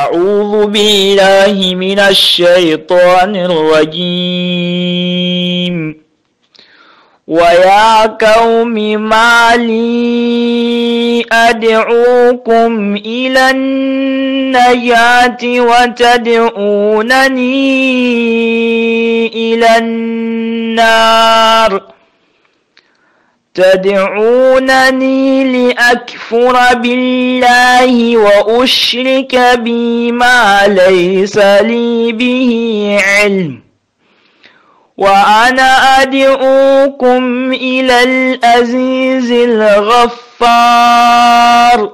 أعوذ بالله من الشيطان الرجيم ويا قوم ما لي أدعوكم إلى النجاة وتدعونني إلى النار تدعونني لأكفر بالله وأشرك بما ليس لي به علم وأنا أدعوكم إلى الأزيز الغفار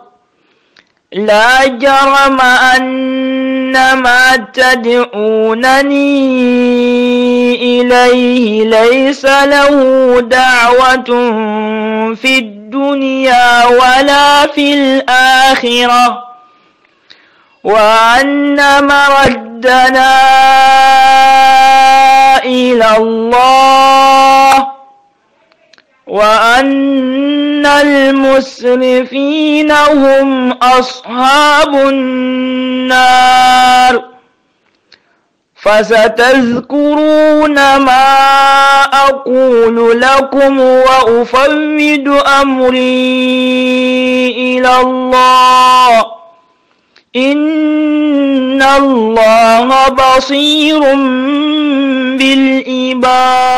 لا جرم أن إنما تدعونني إليه ليس له دعوة في الدنيا ولا في الآخرة وأن مردنا إلى الله وأن إن المسرفين هم أصحاب النار فستذكرون ما أقول لكم وأفوض أمري إلى الله إن الله بصير بالعباد